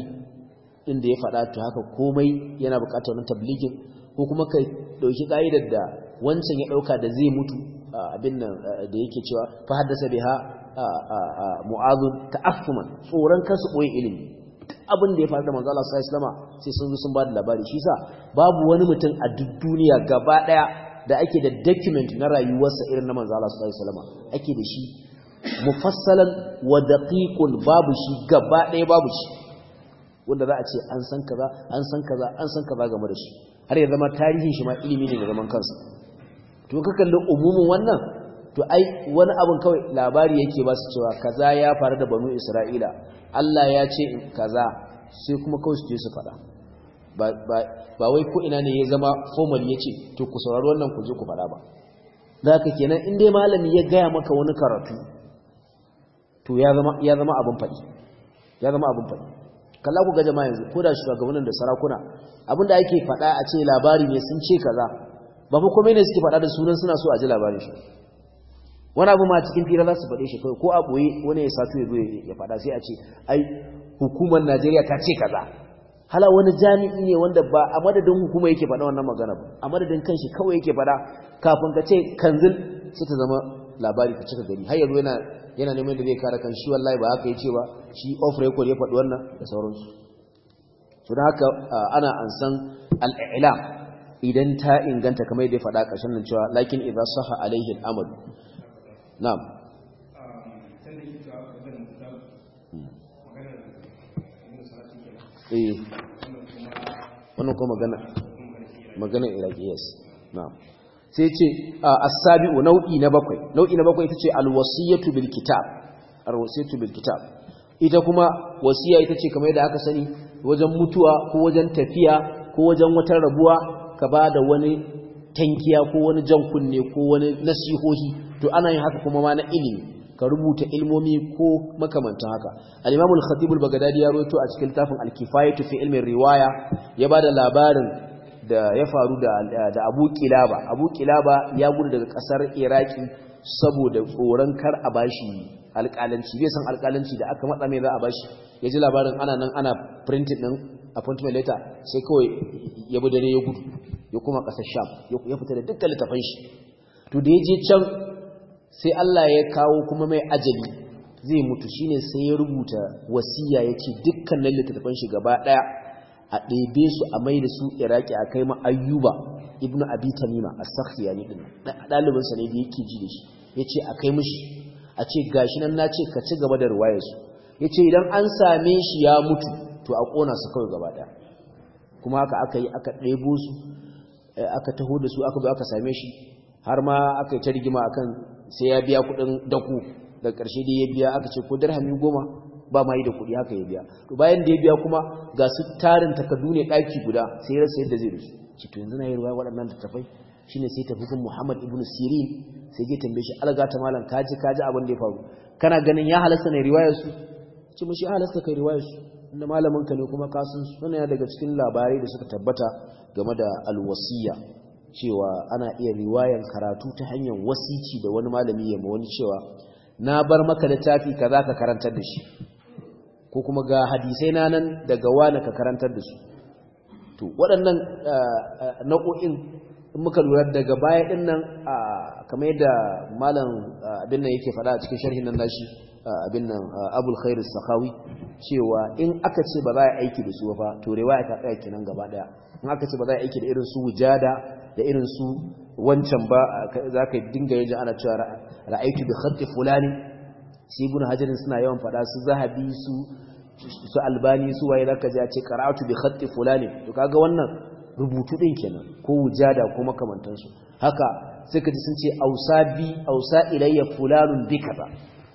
inda ya fada to haka komai yana buƙatar wani tabligin ko kuma ka dauki ka'idar da wancan ya dauka da zai mutu abin nan da yake cewa fa haddasa biha ta ta'affuman tsoron kansu koyi ilimi abin da ya faru da manzo Allah sallallahu alaihi sai sun zo sun ba da labari shi sa babu wani mutum a duk duniya gaba daya da ake da document na rayuwarsa irin na manzo Allah sallallahu alaihi ake da shi mufassalan wa daqiqun babu shi gaba daya babu shi wanda za a ce an san kaza an san kaza an san kaza game da shi har ya zama tarihin shi ma ilimi ne da zaman kansa to ka kalli umumin wannan to ai wani abin kawai labari yake ba su cewa kaza ya faru da banu isra'ila Allah ya ce kaza sai kuma kawai su je su faɗa ba wai ko ina ne ya zama formal ya ce to ku saurari wannan ku je ku faɗa ba za ka kenan in dai malami ya gaya maka wani karatu to ya zama abin faɗi ya zama abin faɗi kalla ku ga jama'a yanzu ko da shugabannin da sarakuna abin da ake faɗa a ce labari ne sun ce kaza ba fa komai ne suke faɗa da sunan suna so a ji labarin shi wani abu ma cikin fira za su faɗe shi ko a ɓoye wani ya sato ya zo ya faɗa sai a ce ai hukumar najeriya ta ce kaza hala wani jami'i ne wanda ba a madadin hukuma yake faɗa wannan magana ba a madadin kanshi kawai yake faɗa kafin ka ce kanzil sai ta zama labari ka cika gari har yanzu yana yana neman da zai kare kan shi wallahi ba haka ce ba shi off record ya faɗi wannan da sauransu to haka ana ansan al idan ta inganta kamar yadda ya faɗa ƙarshen nan cewa lakin idan saha alaihi al-amal na'am eh wannan ko magana magana iraki yes na'am sai ce as-sabi'u nau'i na bakwai nau'i na bakwai ita ce al-wasiyatu bil kitab al-wasiyatu bil kitab ita kuma wasiya ita ce kamar yadda aka sani wajen mutuwa ko wajen tafiya ko wajen wata rabuwa ka ba da wani tankiya ko wani jan kunne ko wani nasihohi to ana yin haka kuma ma na ilimi ka rubuta ilmomi ko makamantan haka al-imam al-khatib al-baghdadi ya rawaito a cikin tafin al-kifayatu fi ilmin riwaya ya bada labarin da ya faru da da Abu Kilaba Abu Kilaba ya gudu daga kasar Iraki saboda tsoron kar a bashi alƙalanci bai san alƙalanci da aka matsa mai za a bashi ya ji labarin ana nan ana printing din appointment letter sai kawai ya bi dare ya gudu ya kuma ƙasar sham ya fita da dukkan littafan shi to da ya je can sai Allah ya kawo kuma mai ajali zai mutu shi ne sai ya rubuta wasiya ya ce dukkan littafan shi gaba ɗaya a ɗebe su a mai da su iraki a kai ma ayyuba ibn abi tamima as-sakhtiyani din ɗalibin sa ne da yake ji da shi ya ce a kai mishi a ce gashi nan ce ka ci gaba da ruwayar su ce idan an same shi ya mutu to a kona su kawai gaba ɗaya kuma haka aka yi aka ɗebo su aka taho da su aka zo aka same shi har ma aka yi ta rigima akan sai ya biya kuɗin daku da ƙarshe dai ya biya aka ce ko darhami goma ba ma yi da kuɗi haka ya biya to bayan da ya biya kuma ga su tarin takardu ne ɗaki guda sai rasa yadda zai rasu. ce to yanzu na yi ruwa waɗannan littattafai shine sai tafi kan Muhammad ibn Sirin sai ya tambaye shi alga ta malam kaji kaji abin da ya faru kana ganin ya halasta na riwayar su ce halasta kai riwayar su inda malamin ka ne kuma ka san suna daga cikin labarai da suka tabbata game da alwasiya cewa ana iya riwayan karatu ta hanyar wasici da wani malami ya wani cewa na bar maka littafi za ka karantar da shi ko kuma ga hadisai na nan daga wani ka karantar da su to waɗannan eh, eh, nau'o'in in muka lura daga baya din nan kamar yadda malam abin nan yake faɗa a cikin sharhin nan nashi abin nan abul khair sakhawi cewa in aka ce ba za a aiki da su ba to riwaya ta tsaya kenan gaba daya in aka ce ba za a aiki da irin su wujada da irin su wancan ba za ka dinga yin ana cewa ra'aitu bi khatti fulani sai ibn suna yawan faɗa su zahabi su su albani su waye zaka ji a ce qara'atu bi khatti fulani to kaga wannan rubutu ɗin kenan ko wujada ko makamantansu haka suka ji sun ce bi ausa ilayya fulalun bi kaza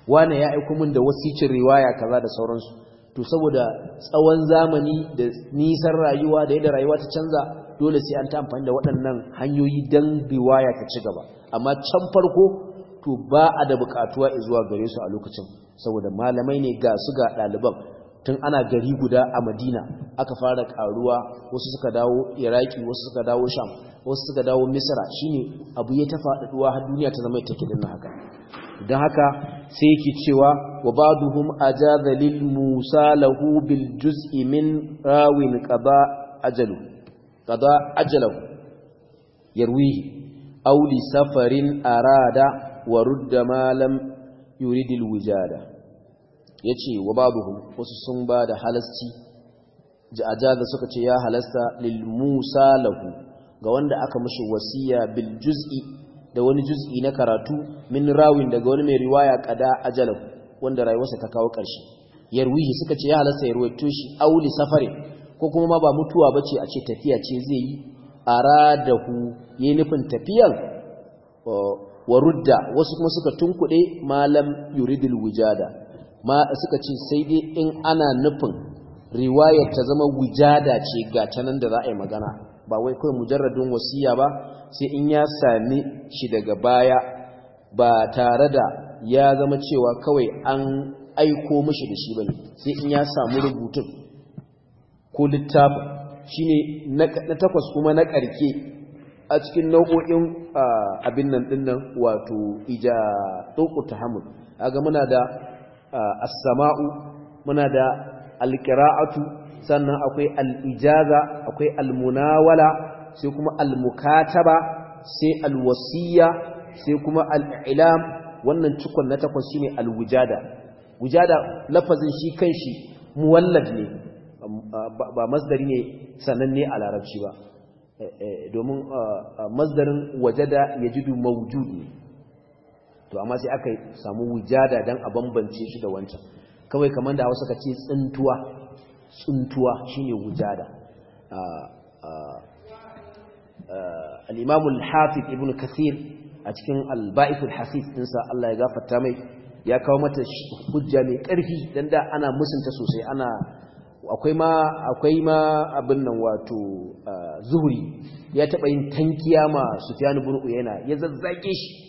wane ya aiko min da wasicin riwaya kaza da sauransu to saboda tsawon zamani da nisan rayuwa da yadda rayuwa ta canza dole sai an ta amfani da waɗannan hanyoyi don riwaya ta ci gaba amma can farko to ba a da buƙatuwa zuwa gare su a lokacin saboda malamai ne ga su ga ɗaliban tun ana gari guda a madina aka fara karuwa wasu suka dawo iraki wasu suka dawo sham wasu suka dawo misra shine abu ya ta faɗaɗuwa har duniya ta zama take dinna haka don haka sai yake cewa wa baduhum ajaza lil musa lahu bil juz'i min rawin qada ajalu qada ajalahu li safarin arada wa rudda ma lam yurid ya ce wa babuhu wasu sun ba da halasci jaga suka ce ya halasta lil musa lahu ga wanda aka mashi wasiya bil juz'i da wani juz'i na karatu min rawin daga wani mai riwaya kada ajalahu wanda rayuwarsa ta kawo ƙarshe yarwihi suka ce ya halasta ya ruwaito shi auli safari ko kuma ma ba mutuwa bace a ce tafiya ce zai yi aradahu yi nufin tafiyan wa rudda wasu kuma suka tunkude malam yuridul wujada ma suka ce sai dai in ana nufin riwayar ta zama wujada ce ga ta nan da za a yi magana ba wai kawai mujarradin wasiya ba sai in ya sami shi daga baya ba tare da ya zama cewa kawai an aiko mashi da shi bane sai in ya samu rubutun ko littafin shine na takwas kuma na karke a cikin nau'o'in ah, abin nan dinnan wato ija hamun. A ga muna da as-sama'u muna da al-qira'atu sannan akwai al-ijaza akwai al-munawala sai kuma al-mukataba sai al-wasiyya sai kuma al-i'lam wannan cikon na takwas shine al-wujada wujada lafazin shi kanshi muwallad ne ba masdari ne sananne a larabci ba domin masdarin wajada yajidu mawjudi to amma sai aka samu wujada dan a bambance shi da wancan kawai kamar da wasu ka ce tsintuwa tsintuwa shine wujada ah, ah, ah, al-imam al ibn kathir a cikin al-ba'ith al dinsa Allah ya gafarta mai ya kawo mata hujja mai karfi dan da ana musunta sosai ana akwai ma akwai ma abin nan wato zuhuri ya taba yin tankiya ma Sufyan ibn Uyayna ya zazzage shi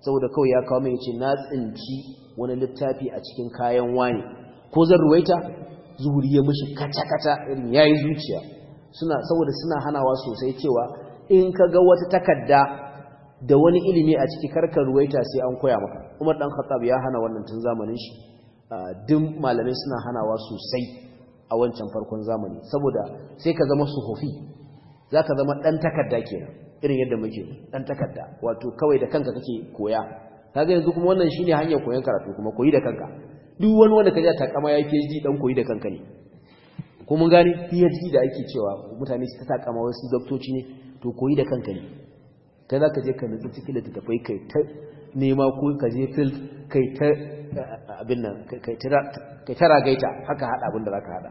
saboda kawai ya kawo mai ce na tsinci wani littafi a cikin kayan wani ko zan ruwaita zuhuri ya mishi kata kata irin yi zuciya suna saboda suna hanawa sosai cewa in ka ga wata takarda da wani ilimi a ciki karkar ruwaita sai an koya maka umar dan khattab ya hana wannan tun zamanin shi duk malamai suna hanawa sosai a wancan farkon zamani saboda sai ka zama za ka zama dan takarda kenan irin yadda muke dan takarda wato kawai da kanka kake koya kaga yanzu kuma wannan shine hanyar koyon karatu kuma koyi da kanka duk wani wanda kaje takama ya PhD dan koyi da kanka ne ko mun gane PhD da ake cewa mutane su ta takama wasu doktoci ne to koyi da kanka ne kai zaka je ka nutsu cikin tafai kai ta nema ko ka je field kai ta eh, abin nan kai ta kai ta ragaita haka hada abin da zaka hada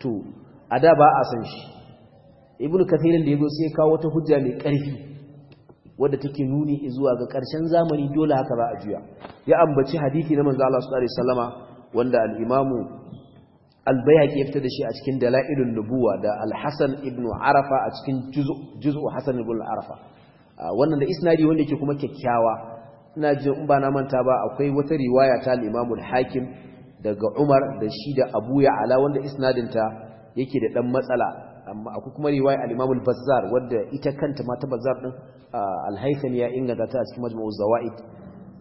to a da ba a san shi ibn kathirin da ya zo sai kawo wata hujja mai ƙarfi wadda take nuni zuwa ga ƙarshen zamani dole haka ba a juya ya ambaci hadisi na manzo Allah sallallahu alaihi wasallama wanda al-imam al-bayhaqi ya fita da shi a cikin dalailun nubuwa da al-hasan ibn arafa a cikin juz'u hasan ibn arafa wannan da isnadi wanda yake kuma kyakkyawa ina ji in ba na manta ba akwai wata riwaya ta al-imam al-hakim daga Umar da shi da Abuya. Ala wanda isnadin ta yake da dan matsala amma akwai kuma riwaya al-Imam al-Bazzar wadda ita kanta ma ta Bazzar din al-Haythami ya inganta ta a cikin Majmu'u Zawaid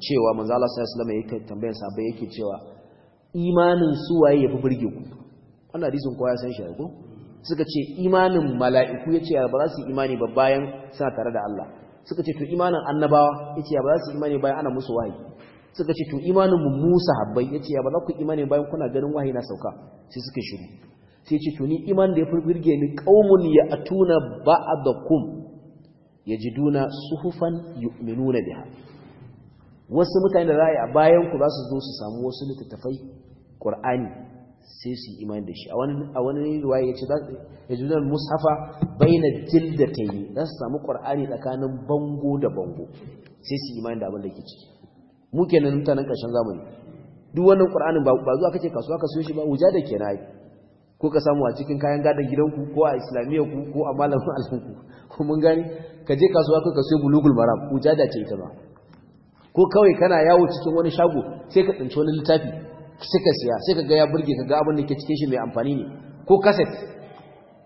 cewa manzo Allah sallallahu alaihi wasallam yake tambayar sahabbai yake cewa imanin su waye yafi burge ku wannan hadisin kowa ya san shi ko suka ce imanin mala'iku yace ba za su imani ba bayan suna tare da Allah suka ce to imanin annabawa yace ba za su imani bayan ana musu wahayi suka ce to imanin mu Musa habbai yace ba za ku imani bayan kuna ganin wahayi na sauka sai suka shiru sai ce to ni iman da ya fi a ni kum ya ji duna suhufan yu'minuna ha wasu mutane da ra'ayi a bayan ku za su zo su samu wasu littattafai ƙur'ani sai su yi iman da shi a wani a wani riwaya yace za yajiduna mushafa ta yi. za su samu ƙur'ani tsakanin bango da bango sai su yi iman da abin da ke ciki mu kenan mutanen ƙarshen zamani duk wannan qur'anin ba zuwa kake kasuwa ka siyo shi ba wuja da yi ko ka samu a cikin kayan gadon gidanku ko a islamiyyar ku ko a malamin alfanku ko mun gani ka je kasuwa ko ka sayo bulugul mara ko jada ce ita ba ko kawai kana yawo cikin wani shago sai ka tsinci wani littafi sai ka siya sai ka ga ya burge ka ga abin da ke cikin shi mai amfani ne ko kaset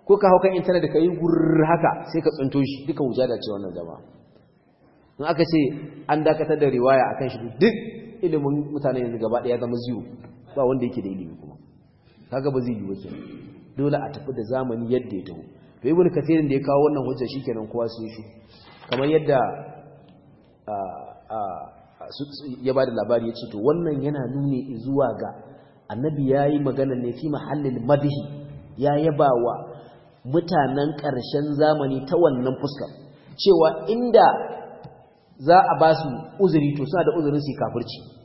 ko ka hau kan intanet ka yi gurr haka sai ka tsinto shi duka wujada ce wannan zama in aka ce an dakatar da riwaya akan shi duk ilimin mutane yanzu gaba ɗaya zama ziyo ba wanda yake da ilimi kaga ba zai yi wuce dole a tafi da zamani yadda ya taho to ibnu kasirin da ya kawo wannan hujja shikenan kowa sai shi kamar yadda ya bada labari yace to wannan yana nuni zuwa ga annabi ya yi magana ne fi mahallin madhi ya yaba wa mutanen ƙarshen zamani ta wannan fuska cewa inda za a ba su uzuri to suna da uzurin su kafirci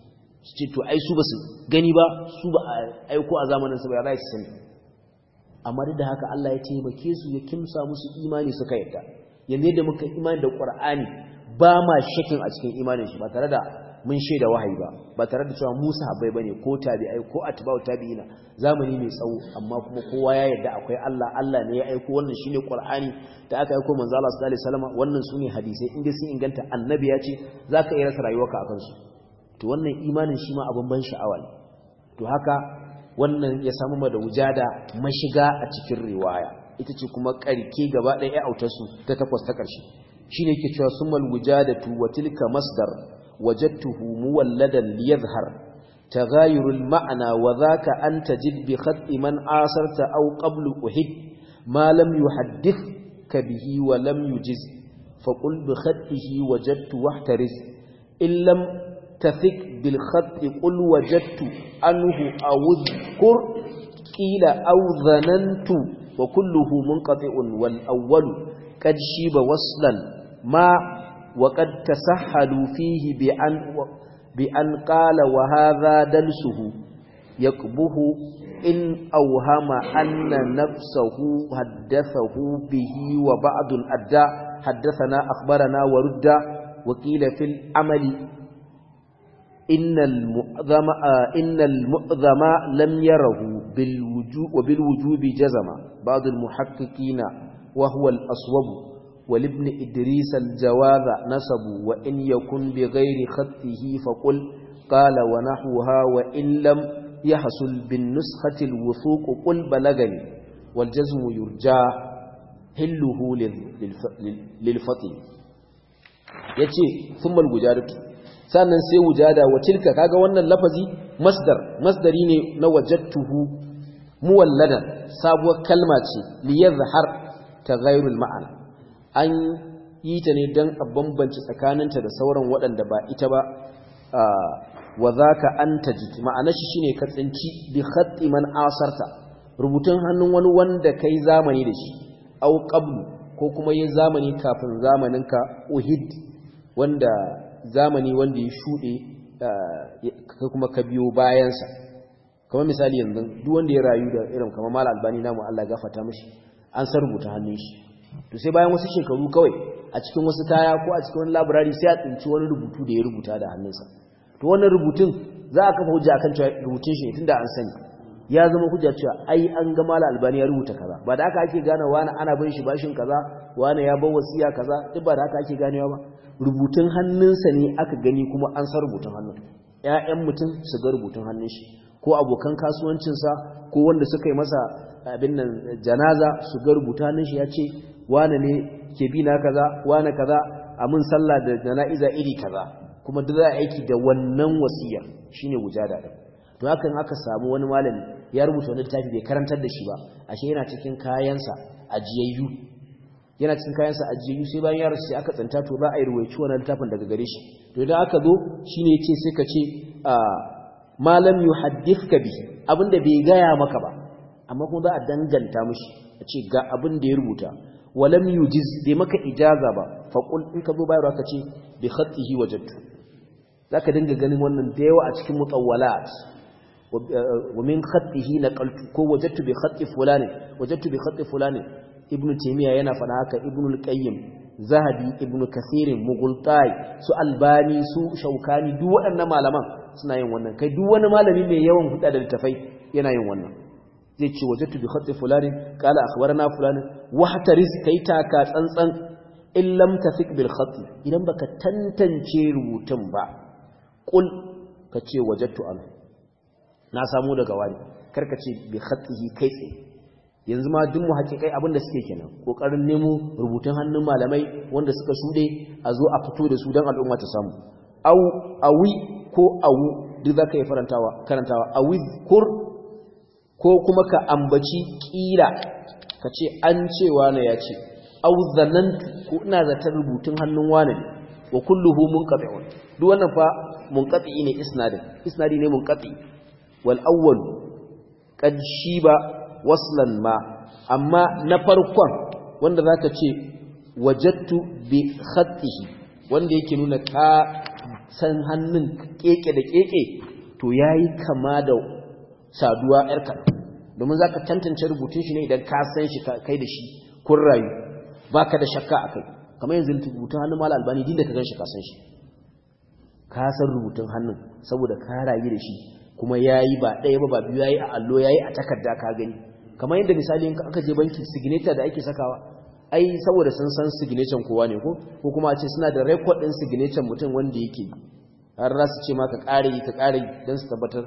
su ce to ai su ba su gani ba su ba a aiko a zamanin su ba ya su sani amma da haka Allah ya taimake su ya kimsa musu imani suka yadda yanzu yadda muka imani da Qur'ani ba ma shakin a cikin imanin shi ba tare da mun shaida wahayi ba ba tare da cewa Musa habbai bane ko tabi'i ko atba'u tabi'ina zamani mai tsawo amma kuma kowa ya yarda akwai Allah Allah ne ya aiko wannan shine Qur'ani da aka aiko manzo Allah sallallahu alaihi wasallam wannan sune hadisi inda sun inganta annabi ya ce zaka iya rasa rayuwarka akan su to wannan imanin shi ma abin ban sha'awa ne to haka wannan ya samu da wujada mashiga a cikin riwaya ita ce kuma karke gaba ɗaya autar su ta takwas ta ƙarshe shine yake cewa sumal wujadatu wa tilka masdar wajadtuhu muwalladan liyadhhar تغاير المعنى وذاك أن تجد بخط من عاصرت أو قبل أحد ما لم يحدثك yu jiz, يجز فقل بخطه وجدت واحترز إن لم تثق بالخط قل وجدت أنه أوذكر اذكر قيل أو ظننت وكله منقطع والأول قد شيب وصلا ما وقد تسهلوا فيه بأن, بأن قال وهذا دلسه يقبه إن أوهم أن نفسه حدثه به وبعض الأداء حدثنا أخبرنا ورد وقيل في الأمل إن المؤذم آه، إن المؤذم لم يره بالوجوب وبالوجوب جزما بعض المحققين وهو الأصوب ولابن إدريس الجواز نسب وإن يكن بغير خطه فقل قال ونحوها وإن لم يحصل بالنسخة الوثوق قل بلغني والجزم يرجى حله للفطن يتي ثم الوجارة sannan sai wujada wa tilka kaga wannan lafazi masdar masdari ne na wajadtuhu muwalladan sabuwar kalma ce har ta taghayrul ma'ana an yi ta ne dan a bambance tsakaninta da sauran waɗanda ba ita ba wa zaka anta jiki ma'anar shi shine ka tsinci bi khatti man asarta rubutun hannun wani wanda kai zamani da shi au qablu ko kuma yin zamani kafin zamaninka uhid wanda zamani wanda ya shuɗe ka kuma ka biyo bayansa kamar misali yanzu duk wanda ya rayu da irin kamar mal albani namu Allah gafarta mishi an san rubuta hannun shi to sai bayan wasu shekaru kawai a cikin wasu kaya ko a cikin wani labarari sai a tsinci wani rubutu da ya rubuta da hannunsa to wannan rubutun za a kafa hujja akan cewa rubutun shi tunda an sani ya zama hujja cewa ai an ga mal albani ya rubuta kaza ba da haka ake gane wani ana bin shi bashin kaza wani ya bar wasiya kaza duk ba da haka ake ganewa ba rubutun hannunsa ne aka gani kuma an san rubutun hannun Ya'yan mutum su ga rubutun hannun shi ko abokan kasuwancinsa ko wanda suka yi masa abin nan janaza su ga rubutun hannun shi ya ce wane ne ke bi na kaza wane kaza a mun sallah da jana'iza iri kaza kuma duk za a aiki da wannan wasiya shine wujada din to hakan aka samu wani malami ya rubuta wani littafi bai karantar da shi ba ashe yana cikin kayansa ajiyayyu yana cikin kayansa ajiyayyu sai bayan ya rasu sai aka tsanta to za a yi ruwaici wannan littafin daga gare shi to idan aka zo shine yace sai ka ce ah, malam yuhaddithka bi abinda bai gaya maka ba amma kuma za a danganta mishi a ce ga abin da ya rubuta walam yujiz bai maka ijaza ba fa in ka zo bayarwa ka ce bi khatihi wajadtu zaka dinga ganin wannan da yawa a cikin mutawwalat ومن خطه نقلت كو وجدت بخط فلان وجدت بخط فلان ibn taymiya yana faɗa haka ibn al-qayyim zahabi ibn kathir mughultai su albani su shaukani duk waɗannan malaman suna yin wannan kai duk wani malami mai yawan huda da littafai yana yin wannan zai ce wajatu bi khatti fulani qala akhbarana fulani wa kai taka tsantsan in lam tafiq bil khatti idan baka tantance rubutun ba kul kace wajatu an na samu daga wani karkace bi khattihi kai tsaye yanzu ma duk mu haƙiƙai abin da suke kenan kokarin nemo rubutun hannun malamai wanda suka shude a zo a fito da su don al'umma ta samu au awi ko awu duk zaka yi farantawa karantawa awi kur ko kuma ka ambaci kira ka ce an cewa na ya ce au zanantu ko ina zatar rubutun hannun wani ne wa kulluhu munqati'un duk wannan fa munqati ne isnadin isnadi ne munqati wal awwal shi shiba waslan ma amma na farkon wanda zaka ce wajattu bi khatihi wanda yake nuna ka san hannun keke da keke to yayi kama da saduwa 'yarka. Domin domin zaka tantance rubutun shi ne idan ka san shi kai da shi kun rayu baka da shakka akai kamar yanzu rubutun hannun mal albani din da ka gan shi ka san shi ka san rubutun hannun saboda ka rayu da shi kuma yayi ba ɗaya ba ba biyu yayi a allo yayi a takarda ka gani kamar yadda misali in aka je banki signature da ake sakawa ai saboda sun san signature kowa ne ko ko kuma a ce suna da record din signature mutum wanda yake har za su ce maka ka yi, ka kare dan su tabbatar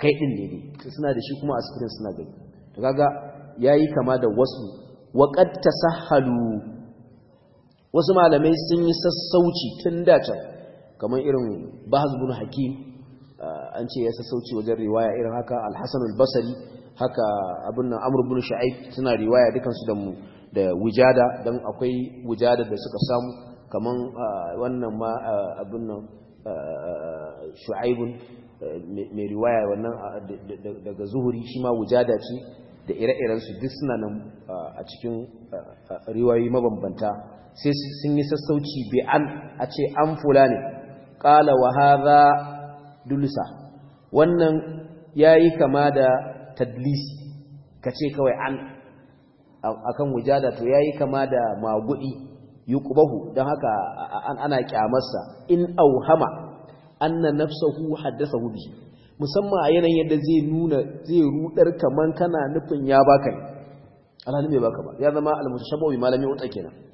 kai din ne ne suna da shi kuma a screen suna gani to kaga yayi kama da wasu waqad tasahhalu wasu malamai sun yi sassauci tun da can kamar irin bahz bin hakim an ce ya sassauci wajen riwaya irin haka Alhassan Basari haka abin nan amur bin shu'aib suna riwaya dukansu da wujada don akwai wujada da suka samu kaman wannan ma abin nan shu'aibun eh, mai riwaya wannan daga zuhuri shi ma wujada ce da ire-iren su duk suna nan a cikin riwayoyi mabambanta sai sun yi sassauci bi an a ce an ne ƙala wa haza dulsa wannan ya yi kama da tadlisi ka ce kawai an akan wujada to ya yi kama da magudi yi kubahu don haka ana kyamarsa in auhama na nafsahu haddasa hudu musamman a yanayin yadda zai nuna zai rudar kamar kana nufin ya baka ne alhali mai baka ba ya zama almutashabbi malami wata kenan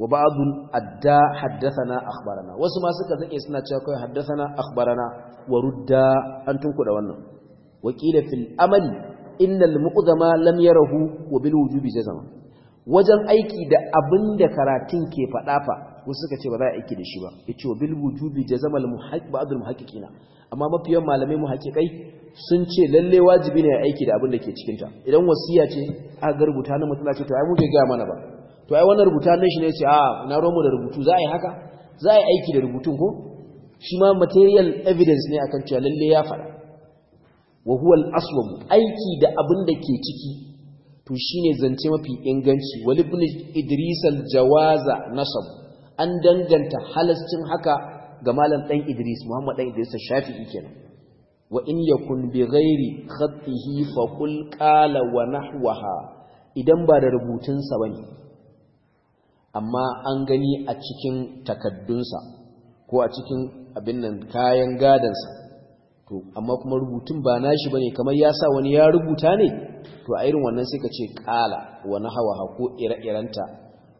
wa ba'dun adda haddathana akhbarana wasu ma suka zake suna cewa kai haddathana akhbarana wa rudda an tunku da wannan wa qila fil amali innal muqdama lam yarahu wa bil wujubi jazama wajen aiki da abinda karatun ke fada fa wasu suka ce ba za a aiki da shi ba yace wa bil wujubi jazama al muhaqqiq ba'dul muhaqqiqina amma mafiyan malamai muhaqqiqai sun ce lalle wajibi ne aiki da abinda ke cikin ta idan wasiya ce a rubuta na mutum ce to ai mu ga mana ba to ai wannan rubuta nan shi ne ce a na romo da rubutu za a yi haka za a yi aiki da rubutun ko shi ma material evidence ne akan cewa lalle ya fara wa huwa al-aswam aiki da abin da ke ciki to shine zance mafi inganci wal ibn idris al-jawaza nasab an danganta halascin haka ga malam dan idris muhammad dan idris shafi'i kenan wa in yakun bi ghairi khatihi fa qul qala wa nahwaha idan ba da rubutunsa bane amma an gani a cikin takaddunsa ko a cikin abin nan kayan gadansa to amma kuma rubutun ba nashi bane kamar ya sa wani ya rubuta ne to a irin wannan sai ka ce qala wa hawa ko ire-irenta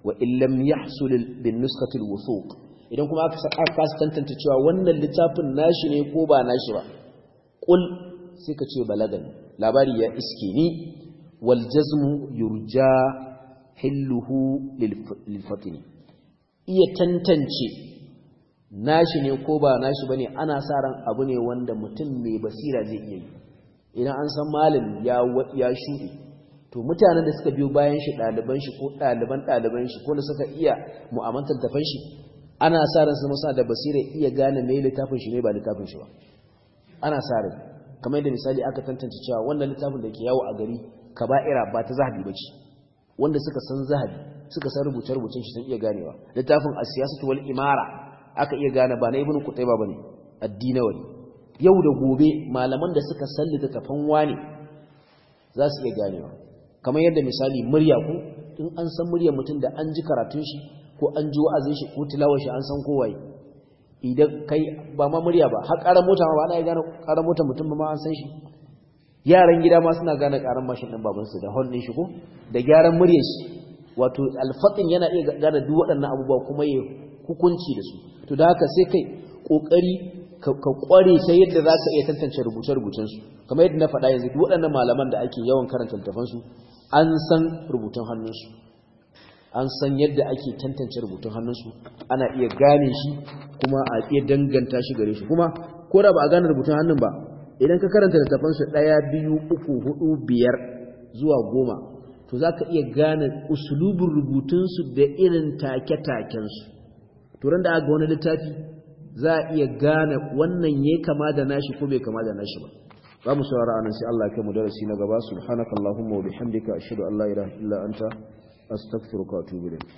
wa illam yahsul bin nuskhati al-wusuq idan kuma aka ka tantance cewa wannan littafin nashi ne ko ba nashi ba qul sai ka ce balagan labari ya iske ni wal jazmu yurja hilluhu lilfatini iya tantance nashi ne ko ba nashi bane ana sa ran abu ne wanda mutum mai basira zai iya yi idan an san malin ya ya shuɗe to mutanen da suka biyo bayan shi ɗaliban shi ko ɗaliban ɗaliban shi ko da suka iya mu'amantar tafan shi ana sa ran su sa da basira iya gane mai littafin shi mai ba littafin shi ba ana sa ran kamar yadda misali aka tantance cewa wannan littafin da ke yawo a gari kaba'ira ba ta zahabi ba ce wanda suka san zahabi suka san rubuce-rubucen shi sun iya ganewa littafin asiyasatu wal imara aka iya gane ba na ibn ba bane addinawari yau da gobe malaman da suka san littafan wani za su iya ganewa kamar yadda misali murya ko in an san muryar mutum da an ji karatun shi ko an ji wa'azin shi ko tilawar shi an san kowaye idan kai ba ma murya ba har ƙarar mota ba ana ya gane ƙarar mota mutum ba ma an san shi yaran gida ma suna gane karan mashin din babansu da hannun shi ko da gyaran muryar shi wato alfatin yana iya gane duk waɗannan abubuwa kuma ya hukunci da su to da haka sai kai kokari ka kware ta yadda za ka iya tantance rubuce-rubucen su kamar yadda na faɗa yanzu duk waɗannan malaman da ake yawan karanta littafan su an san rubutun hannun su an san yadda ake tantance rubutun hannun su ana iya gane shi kuma a iya danganta shi gare shi kuma ko da ba a gane rubutun hannun ba idan ka karanta littafansu ɗaya biyu uku hudu biyar zuwa goma to za ka iya gane usulubin rubutunsu da irin take-takensu turin da aga wani littafi za a iya gane wannan ya kama da nashi ko bai kama da nashi ba ba mu saurara anan sai Allah kai mu darasi na gaba subhanakallahumma wa bihamdika ashhadu an la ilaha illa anta astaghfiruka wa atubu ilayk